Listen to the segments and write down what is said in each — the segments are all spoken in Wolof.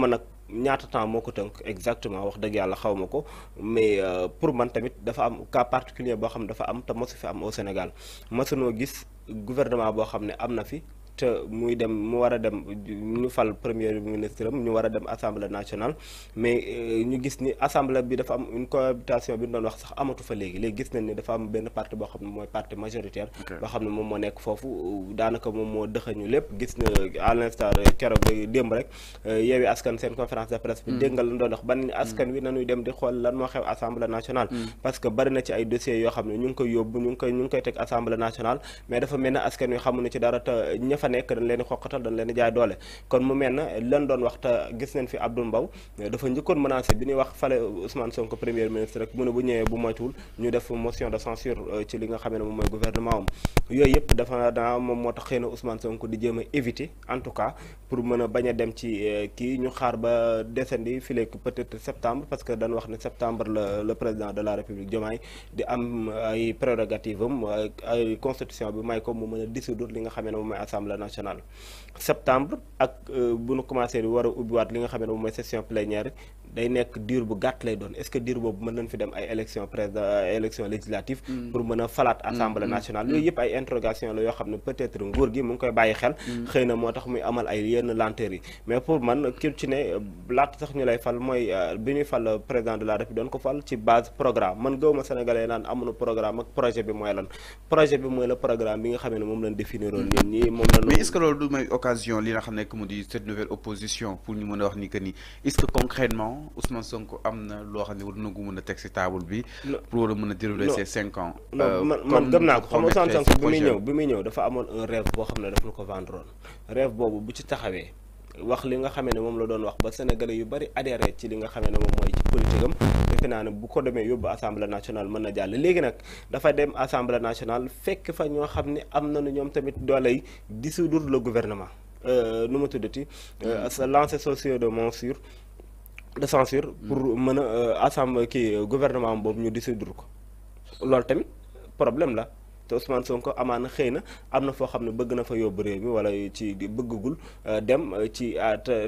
man nag ñaata temps moo ko tënk exactement wax dëgg yàlla xaw ma ko mais euh, pour man tamit dafa am cas particulier boo xam ne dafa am te mosu fi am au Sénégal noo gis gouvernement boo xam ne am na fi te muy dem mu war a dem ñu fal premier ministre am ñu war a dem assemblée nationale mais euh, ñu gis ni assemblée bi dafa am une cohabitation bi ñu doon wax sax amatu fa léegi léegi gis na ni dafa am benn parti boo xam ne mooy parti majoritaire boo xam ne moom moo nekk foofu daanaka moom moo dëxañu lépp gis na à l'instar keroog démb rek euh, yeewi askan seen conférence de presse bi hmm. dégg nga lan doon wax ban hmm. askan wi nañuy dem di xool lan moo xew assemblée nationale hmm. parce que bari na ci ay dossiers yoo xam ne ñu ngi koy yóbbu ñu ngi koy ñu ngi koy teg assemblée nationale nekk dañ leen i xoqatal dañ leen jaay doole kon mu mel leen doon wax gis nañ fi Abdou Mbow dafa njëkkoon menacé bi ñuy wax fale Ousmane Sonko premier ministre rek mu bu ñëwee bu moytuwul ñu def motion de censure euh, ci li nga xam na Ousmane a a a euh, may ko a nationale septembre ak euh, bu nu commencé war a ubbiwaat li nga xam ne moom mooy session plénière day nek diir bu gatt lay don est-ce que diir boobu meun nañ fi dem ay élection président élection législative mm. pour meuna falat mm. assemblée mm. nationale yooyu yëpp ay interrogation la yoo ne peut-être ngor gi mu ngi koy bàyyi xel xeyna motax amal ay yenn mais pour man kii ci ne lat sax ñu lay fal moy euh, biñu fal euh, président de la République don ko fal ci base programme man gëwuma sénégalais nan amunu programme ak projet bi moy lan projet bi moy le programme bi nga xam mom lañ ñi mom lañ mais est-ce que lolu du may occasion li nga que di cette nouvelle opposition pour ñu mën wax ni que ni est-ce que concrètement ans Ousmane Sonko am na loo xam ne war na ko mën a teg si table bi. pour war a mën a dérouler ces cinq ans. man euh, man naa ko xam nga Ousmane Sonko bi muy ñëw bi muy ñëw dafa amoon un rêve boo xam ne daf ñu ko vendroon rêve boobu bu ci taxawee. wax li nga xamee ne moom la doon wax ba sénégalais yu bari adhéré ci li nga xamee ne moom mooy ci politique am defe naa ne bu ko demee yóbbu assemblée national mën na jàll léegi nag dafa dem assemble national fekk fa ñoo xam ne am na ñoom tamit dooley dissoudre le gouvernement euh, nu ma tuddati euh, mm. lancer sociaux de mensure de censure pour mën a euh, assemblée kii euh, gouvernement bob ñu dissoudre ko lool tamit problème la te Ousmane Sonko amana xeyna amna fo xamné foo bëgg na fa yóbbu réew mi wala ci bëggul euh, dem ci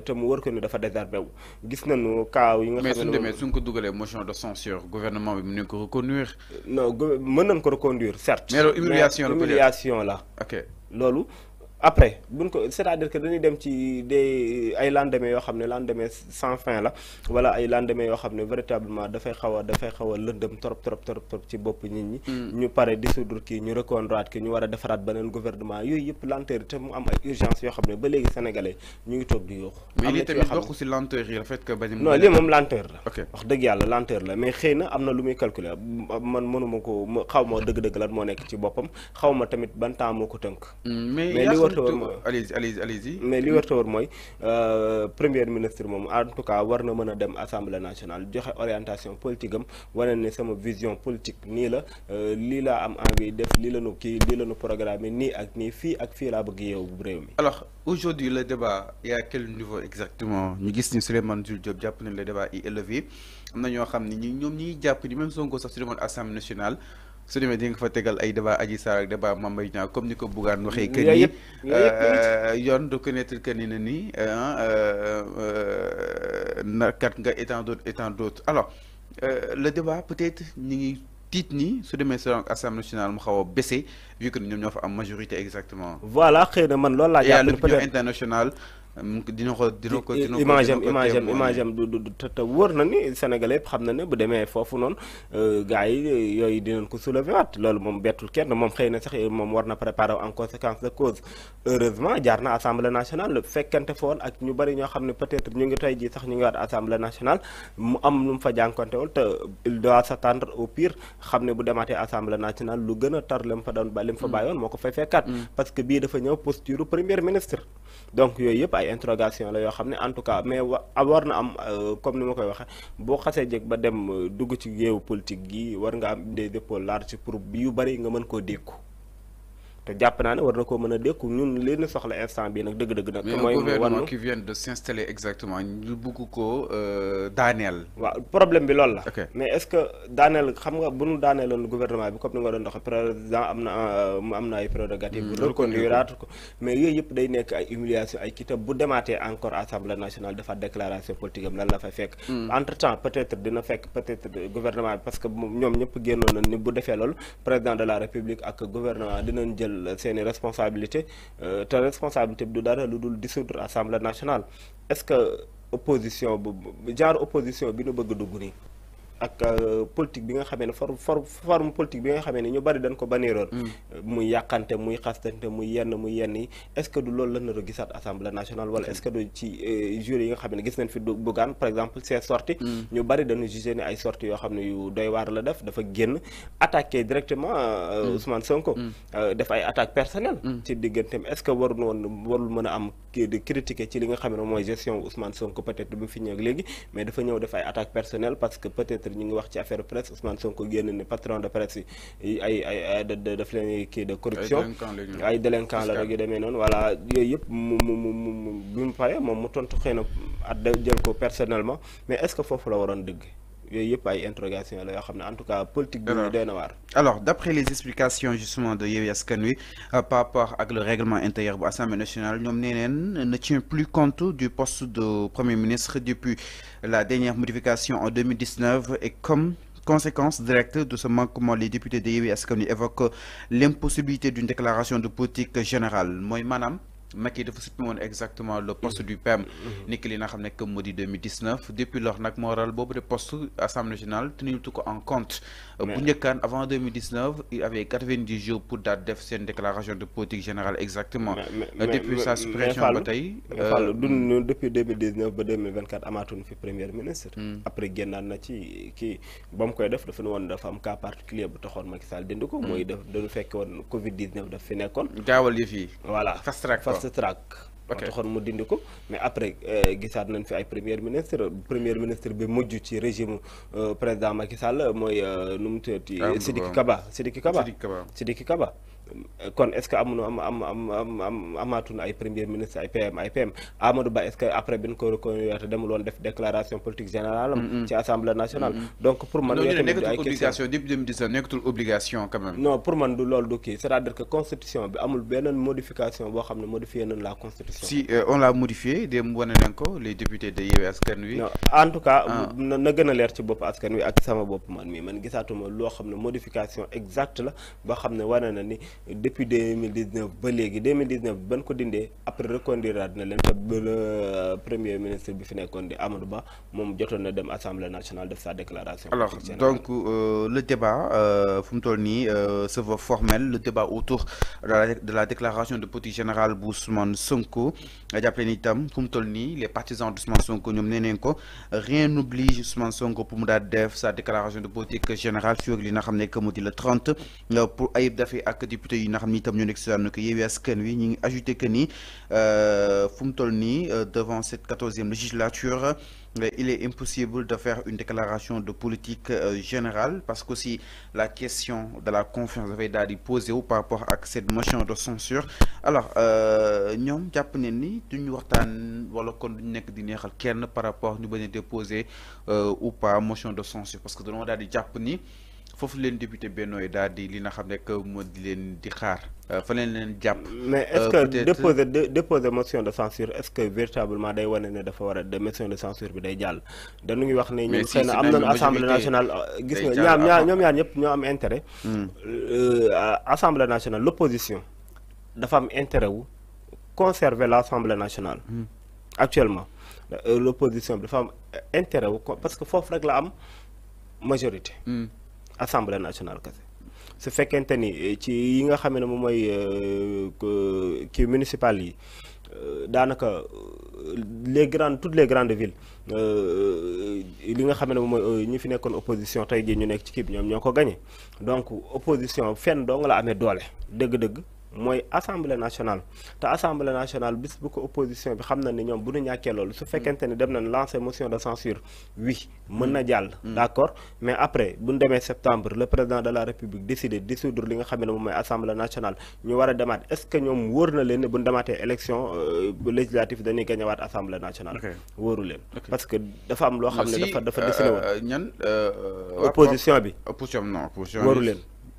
te mu wër ko ni dafa désarmé wu gis nañu kaaw yi nga. xam ne mais suñu demee suñ ko dugalee motion de censure gouvernement bi mu ne ko reconduire. non mën nañ ko reconduire certes. mais loolu humiliation la humiliation la. ok loolu. après buñ ko cest à dañuy dem ci des ay lendemain yoo xam ne lendemain sans fin la wala ay lendemain yoo xam ne véritablement dafay xaw dafay xaw a lëndëm trop trop trop trop ci bopp nit ñi hmm. ñu pare dissoudre kii ñu recondraat ki ñu war a defaraat beneen gouvernement yooyu yëpp lenteur te mu am ay urgence yoo xam ne ba léegi sénégalais ñu ngi toog di yooxu mais lii tamit bokk si lenteur yi le fait que bañ moom lenteur la wax dëgg yàlla lenteur la mais xëy na am na lu muy calculer man mënuma ko xaw ma dëgg-dëgg lan moo nekk ci boppam xaw ma tamit ban moo ko tënk hmm, tout allez allez mais li euh, premier ministre en tout cas war assemblée nationale joxe orientation politique am vision politique ni la euh, am envie def la programme ak ak alors aujourd'hui le débat est à quel niveau exactement ñu gis ni Souleymane Diop le débat est élevé amna ñoo ñi ni même sax nationale su demee di nga fa tegal ay débat aji Sarr ak débat Mame Mbaye comme ni ko Bougane waxee mm, que ni du euh, connaître que ni na ni euh, euh, narkat nga et tant d'autres et tant d'autres alors le débat peut-être ñi ngi tit ni su demee selon assemblée nationale mu xawa a baissé vu que ñom ñofa am majorité exactement voilà xëy na man lool la jàpp peut-être international dina ko dina ko dina ko image am image am image am du du te te na ni sénégalais yëpp xam na ne bu demee foofu noonu euh, gars yi euh, yooyu dinañ ko soulever waat loolu moom bettul kenn moom xëy na sax euh, moom war na préparer en conséquence de cause heureusement jaar na assemblée nationale fekkente fa woon ak ñu bari ñoo xam ne peut-être ñu ngi tey ji sax ñu ngi waat assemblée nationale mu am lu mu fa jànkontewul te il doit s'attendre au pire xam ne bu demaatee assemblée nationale lu gën a tar li mu fa doon mm. moo ko fay mm. parce que bii dafa ñëw posture premier ministre donc yooyu yëpp ay interrogation la yoo xam ne en tout cas mais war na am euh, comme ni ma koy waxee boo xasee jeg ba dem euh, dugg ci géew politique gi war nga am des dépôts ci pour yu bari nga mën koo dékku te jàpp naa ne war na koo mën a ñun leen soxla instant bi nak dëgg-dëgg nak moy mooy gouvernement qui vient de s'installer exactement ñu bugg ko euh, daniel waaw problème bi lool la mais est-ce que daniel xam nga bu ñu daniel le gouvernement bi comme ni nga doon doxe président amna na mu euh, am na ay prérogative mm, bu reconduiraat ko mais yooyu yëpp day nekk ay humiliation ay kiitam bu dématé encore assemblée nationale dafa déclaration politique am lan la fa fekk mm. entre temps peut-être dina fekk peut-être gouvernement parce que ñom ñëpp génnoon na ni bu défé lool président de la république ak gouvernement dinañ jël jël seen i responsabilité euh, te responsabilité bi du dara lu dul di dissoudre assemblée national est-ce que opposition bu genre opposition bi nu bëgg dugg nii ak euh, politique bi nga xamee ne ñu bari dañ ko baniroon mm. muy yàqante muy xastante muy yenn muy yenn yi est du loolu la nar a gisaat assemblée nationale wala est du ci euh, juré yi nga xam ne gis nañ fi Bougane par exemple ses sorties mm. ñu bari dañu jugé ne ay sorties yoo xam ne yu doy waar la def dafa génn attaqué directement euh, mm. Ousmane Sonko def ay attaque personnelle ci digganteem est-ce warul mën a am di critiquer ci li nga xam ne mooy gestion Ousmane Sonko peut ñu ngi wax ci affaire presse Ousmane ko génn ne patron de presse yi ay ay daf leen kii de corruption ay délinquant la rek yu demee noonu voilà yooyu yëpp mu mu mu mu bi mu paree moom mu tontu xëy na at jël ko personnellement mais est-ce que foofu la waroon dëgg en tout cas politique alors d'après les explications justement de Yévi Askan euh, par rapport à le règlement intérieur de l'Assemblée nationale ñom ne tient plus compte du poste de premier ministre depuis la dernière modification en 2019 et comme Conséquence directe de ce manquement, les députés de Yévi Askan évoquent l'impossibilité d'une déclaration de politique générale. Moi, madame qui dafa vous woon exactement le poste du PEM mm-hmm. mm-hmm. ni ki li que modi 2019 depuis lors nak moral bobu de poste assemblée nationale tenu tout en compte euh, avant 2019 il avait 90 jours pour daal def déclaration de politique générale exactement. Euh, depuis sa suppression euh, de hmm. depuis 2019 2024 amaatuñu fi premier ministre. Hmm. après Gennan, na ci kii ba koy def dafa cas particulier bu le Macky Sall dindi ko. Hmm. mooy Covid 19 a fi nekkoon. gaawal voilà fast track fast track. moo taxoon mu dindi ko mais après euh, gisaat nañ fi ay premier ministre premier ministre bi mujj ci régime euh, président Macky Sall mooy euh, nu ti tuddati Sidiki Kaba Sidiki Kaba Sidiki Kaba kon est-ce que amuñu am am am am amaatuñu ay premier ministre ay PM ay PM Amadou Ba est-ce que après bi ñu ko reconnaître demul woon def déclaration politique générale mm, mm. ci assemblée nationale mm, donc pour man nekkatul obligation depuis 2019 nekkatul obligation quand même non pour man du lol du ki c'est-à-dire que constitution bi amul benen modification bo xamné modifier nañ la constitution si euh, on l'a modifié dem wane nañ ko les députés de yew Askan Wi non en tout cas ah. na gëna lèr ci bop askan wi ak sama bop man mi man gisatuma lo xamné modification exacte la boo xamné ne na ni depuis 2019 ba légui 2019 ban ko dindé après reconduire na le euh, premier ministre bi fi nekkoon di Amadou Ba mom jotoon dem assemblée nationale de sa déclaration. alors donc euh, le débat euh, fu mu toll se veut formel le débat autour de la de déclaration de politique générale bu Sonko jàppale ni itam fu les partisans d'Ousmane Sonko ñom nee ko rien n'oblige Ousmane Sonko pour mu def sa déclaration de politique générale sur li nga xamné que le 30 pour Ayib Daffé ak une armée comme xam ni qui ñu nekk ce daanaka Yewwi ajouté que ni euh, euh, devant cette 14e législature euh, il est impossible de faire une déclaration de politique générale parce que si la question de la confiance avait été posée ou par rapport à cette motion de censure alors nous jàpp nañ ni duñu waxtaan wala kon duñu nekk di neexal par rapport nous venait de déposé ou pas motion de censure parce que dañoo daal di ni fofu leen député Benno daal di li nga xam ne que moo di leen di xaar euh, fa leen leen jàpp. mais est-ce euh, que déposer déposer motion de censure est-ce que véritablement day wane ne dafa war a de motion de censure bi day jàll. dañu ngi wax ne ñun xëy na am assemblée nationale euh, gis nga ñaar ñaar ñoom ñaar ñëpp ñoo am intérêt. Hmm. assemblée nationale l'opposition dafa am intérêt wu conserver l'assemblée nationale. Hmm. actuellement l'opposition bi dafa am intérêt wu parce que foofu rek la am majorité. Hmm. assemblée nationale kese su fekkente ni eh, ci yi nga xam ne moom mooy eh, kii municipal yi eh, daanaka les grandes toutes les grandes villes li nga xam ne moom mooy ñi fi nekkoon opposition tey jii ñu nekk ci kii bi ñoom ñoo ko gañe donc opposition fenn doo nga la amee doole dëgg-dëgg. moy assemblée nationale Ta assemblée nationale bis bu ko opposition bi xamna ni ñom bu ñu ñaké loolu su fekkente ni dem nañ lancer motion de censure oui mën na mm. Mm. d'accord mais après bu ñu septembre le président de la république décidé dissoudre li nga xam ne moom assemblée nationale ñu wara démat est-ce que ñom wóor na leen ne bu ñu demaatee élection euh, législative dañuy gañewaat assemblée nationale wóoru leen parce que dafa am lo xamné dafa dafa euh, décidé euh, ñan opposition bi opposition non opposition wóoru leen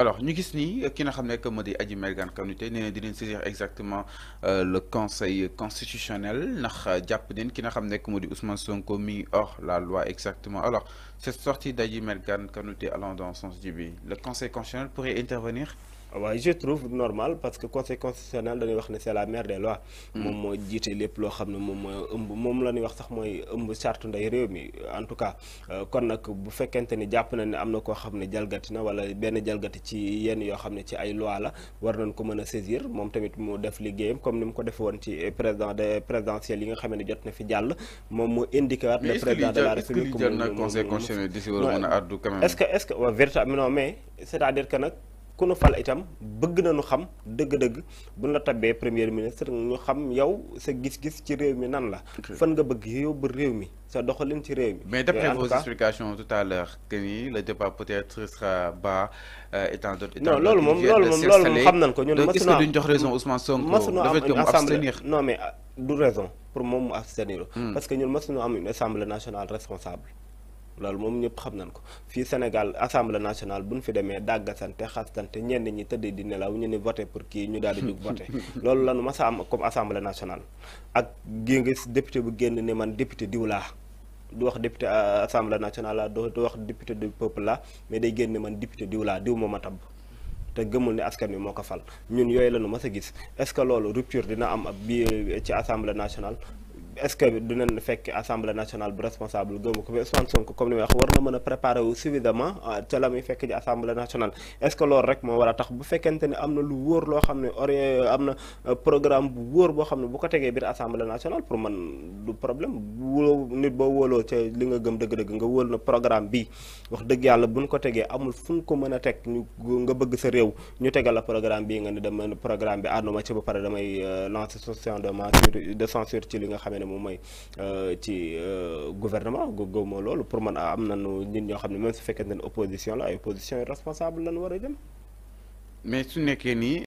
alors nous gis nii ki nga xam ne moo di Adji Mergane Kanouté nous na saisir exactement euh, le conseil constitutionnel ndax jàpp nañ ki nga xam ne moo Ousmane Sonko mi hors la loi exactement alors cette sortie d'Adji quand nous allons dans le sens du bi le conseil constitutionnel pourrait intervenir. waaye ah je trouve normal parce que conseil constitutionnel dañuy wax ne c'est la mère des lois. Hmm. moom moo jiite lépp loo xam ne moom mooy ëmb moom la ñuy wax sax mooy ëmb charte ndey réew mi en tout cas euh, kon nag bu fekkente ni jàpp na ne am na koo xam ne jalgati na wala benn jalgati ci yenn yoo xam ne ci ay loi la war na nañ ko mën a saisir moom tamit mu def liggéeyam comme ni mu ko defee woon ci président de présidentielle yi nga xam ne jot na fi jàll moom mu indiqué waat le président de la république. est ku fal itam bëgg nañu xam dëgg-dëgg bu la tabé premier ministre ñu xam yow sa gis-gis ci réew mi nan la. fan nga bëgg yow bu réew mi sa doxalin ci réew mi. mais d'après vos explications tout à l'heure que ni le débat peut-être sera bas et euh, tant d'autres. non loolu mom loolu mom loolu xam nañ ko ñun. est-ce que duñ jox raison Ousmane Sonko. mosuñu que une assemblée non mais euh, du raison pour mom mu abstenir. Hmm. parce que ñun mosuñu am une assemblée nationale responsable. loolu moom ñëpp xam nañ ko fii Sénégal assemblée nationale bu ñu fi demee dàggasante xastante ñenn ñi tëdd di nelaw ñu ni voté pour ki ñu daal di jug voté loolu la nu mas a am comme assemblée national ak gi nga député bu génn ne man député diw laa du wax député euh, assemblée nationale la du wax député du peuple la mais day génn ne man député diw laa diw moo ma tabb te gëmul ne askan wi moo ko fal ñun yooyu la nu mas a gis est-ce que loolu rupture dina am ab bi euh, ci assemblée nationale est-ce que dinañ fekk assemblée nationale bu responsable gëmu comme ni wax war na mën a préparer wu suffisamment euh, ca muy fekk ji assemblée nationale est-ce que loolu rek moo war a tax bu fekkente ne am na lu wóor loo xam ne orient euh, am na euh, programme bu wóor boo xam ne bu ko tegee biir assemblée nationale pour man du problème wóoloo nit boo wóoloo ca li nga gëm dëgg-dëgg nga wóol na programme bi wax dëgg yàlla buñ ko tegee amul fu ñu ko mën a teg ñu nga bëgg sa réew ñu xam moom mooy euh, ci euh, gouvernement googoo moo loolu pour man am na nit ñoo xam ne même su fekkee ne opposition la ay opposition responsable lañu war a dem mais su nekkee nii